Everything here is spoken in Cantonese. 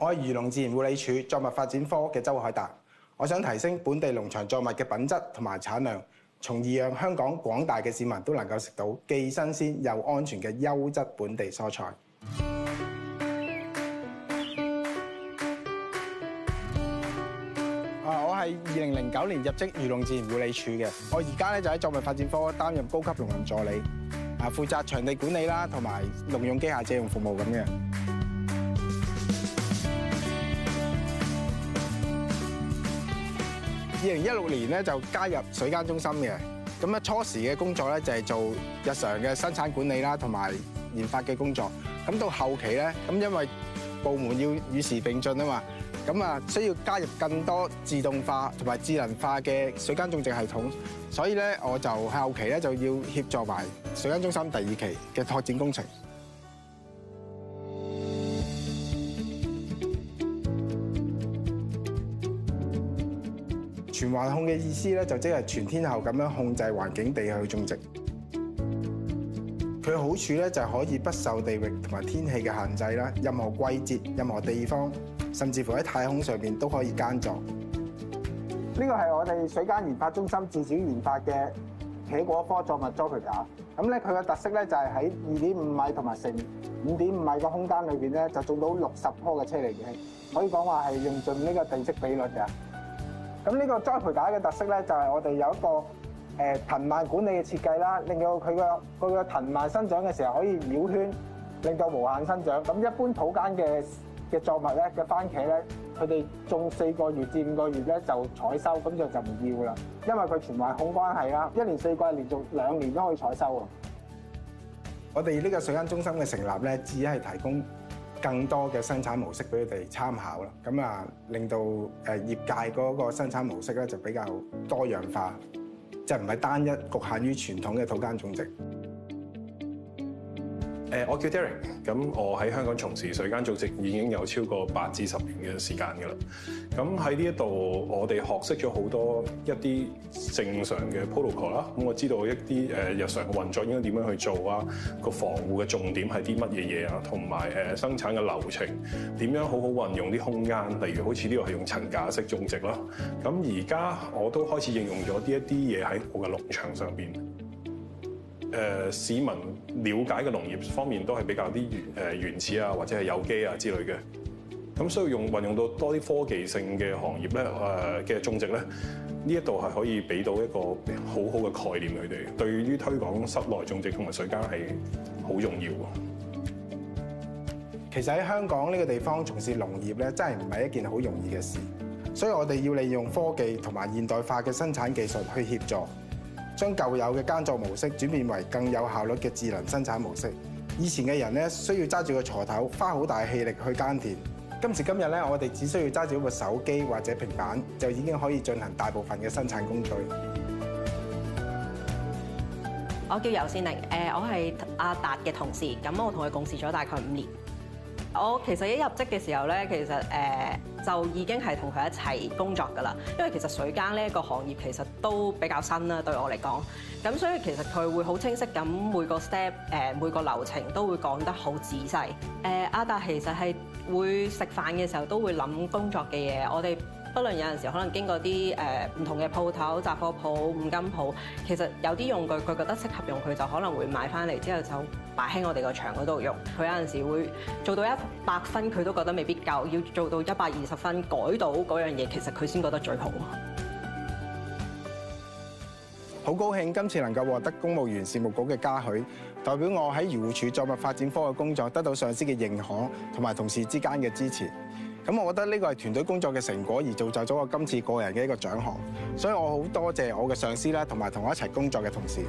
我係漁農自然護理署作物發展科嘅周海達。我想提升本地農場作物嘅品質同埋產量，從而讓香港廣大嘅市民都能夠食到既新鮮又安全嘅優質本地蔬菜。啊，我係二零零九年入職漁農自然護理署嘅。我而家咧就喺作物發展科擔任高級農林助理，啊，負責場地管理啦，同埋農用機械借用服務咁嘅。二零一六年咧就加入水耕中心嘅，咁咧初時嘅工作咧就係做日常嘅生產管理啦，同埋研發嘅工作。咁到後期咧，咁因為部門要與時並進啊嘛，咁啊需要加入更多自動化同埋智能化嘅水耕種植系統，所以咧我就後期咧就要協助埋水耕中心第二期嘅拓展工程。全環控嘅意思咧，就即係全天候咁樣控制環境地去種植。佢好處咧就係可以不受地域同埋天氣嘅限制啦，任何季節、任何地方，甚至乎喺太空上面都可以耕作。呢個係我哋水耕研發中心自己研發嘅茄果科作物栽培架。咁咧佢嘅特色咧就係喺二點五米同埋成五點五米嘅空間裏邊咧，就做到六十棵嘅車釐子。可以講話係用盡呢個地積比率嘅。咁、這、呢個栽培架嘅特色咧，就係我哋有一個誒藤蔓管理嘅設計啦，令到佢個佢個藤蔓生長嘅時候可以繞圈，令到無限生長。咁一般土耕嘅嘅作物咧，嘅番茄咧，佢哋種四個月至五個月咧就採收，咁就就唔要啦。因為佢全環控關係啦，一年四季連續兩年都可以採收啊！我哋呢個水耕中心嘅成立咧，只係提供更多嘅生產模式畀佢哋參考，咁啊，令到誒業界嗰個生產模式就比較多樣化，即係唔係單一局限於傳統嘅土間種植。誒，我叫 Derek，咁我喺香港從事水耕種植已經有超過八至十年嘅時間㗎啦。咁喺呢一度，我哋學識咗好多一啲正常嘅 protocol 啦。咁我知道一啲誒日常運作應該點樣去做啊，個防護嘅重點係啲乜嘢嘢啊，同埋誒生產嘅流程點樣好好運用啲空間。例如好似呢度係用層架式種植啦。咁而家我都開始應用咗呢一啲嘢喺我嘅農場上邊。誒，市民了解嘅農業方面都係比較啲原誒原始啊，或者係有機啊之類嘅，咁需要用運用到多啲科技性嘅行業咧誒嘅種植咧，呢一度係可以俾到一個好好嘅概念佢哋，對於推廣室內種植同埋水耕係好重要。其實喺香港呢個地方從事農業咧，真係唔係一件好容易嘅事，所以我哋要利用科技同埋現代化嘅生產技術去協助。將舊有嘅耕作模式轉變為更有效率嘅智能生產模式。以前嘅人咧，需要揸住個鋤頭，花好大氣力去耕田。今時今日咧，我哋只需要揸住一部手機或者平板，就已經可以進行大部分嘅生產工序。我叫尤善玲，誒，我係阿達嘅同事，咁我同佢共事咗大概五年。我其實一入職嘅時候咧，其實誒就已經係同佢一齊工作㗎啦。因為其實水耕呢個行業其實都比較新啦，對我嚟講。咁所以其實佢會好清晰咁每個 step 誒每個流程都會講得好仔細。誒阿達其實係會食飯嘅時候都會諗工作嘅嘢。我哋不論有陣時可能經過啲誒唔同嘅鋪頭、雜貨鋪、五金鋪，其實有啲用具佢覺得適合用，佢就可能會買翻嚟之後就擺喺我哋個牆嗰度用。佢有陣時會做到一百分，佢都覺得未必夠，要做到一百二十分改到嗰樣嘢，其實佢先覺得最好。好高興今次能夠獲得公務員事務局嘅嘉許，代表我喺漁護署作物發展科嘅工作得到上司嘅認可同埋同事之間嘅支持。咁我覺得呢個係團隊工作嘅成果，而造就咗我今次個人嘅一個獎項，所以我好多謝我嘅上司啦，同埋同我一齊工作嘅同事。